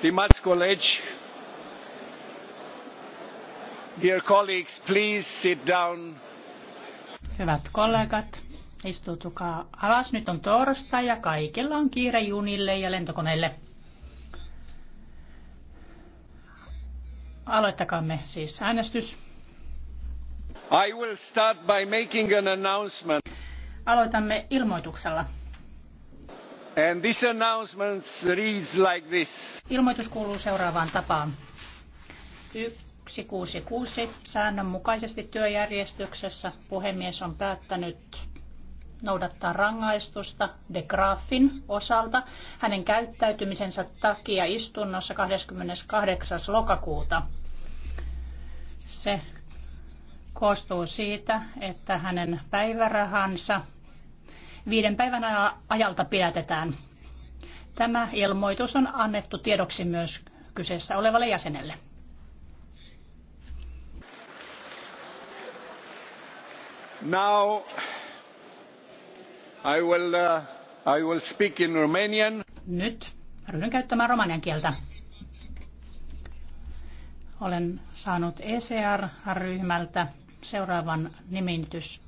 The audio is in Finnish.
Stimați colegi, dear colleagues, please sit down. Hyvät kollegat, istutukaa alas. Nyt on torstai ja kaikilla on kiire junille ja lentokoneille. Aloittakaamme siis äänestys. I will start by making an announcement. Aloitamme ilmoituksella. Ilmoitus kuuluu seuraavaan tapaan. 166 säännönmukaisesti työjärjestyksessä puhemies on päättänyt noudattaa rangaistusta de Graafin osalta hänen käyttäytymisensä takia istunnossa 28. lokakuuta. Se koostuu siitä, että hänen päivärahansa viiden päivän ajalta pidätetään. Tämä ilmoitus on annettu tiedoksi myös kyseessä olevalle jäsenelle. Now I will, uh, I will speak in Romanian. Nyt ryhdyn käyttämään romanian kieltä. Olen saanut ECR-ryhmältä seuraavan nimitys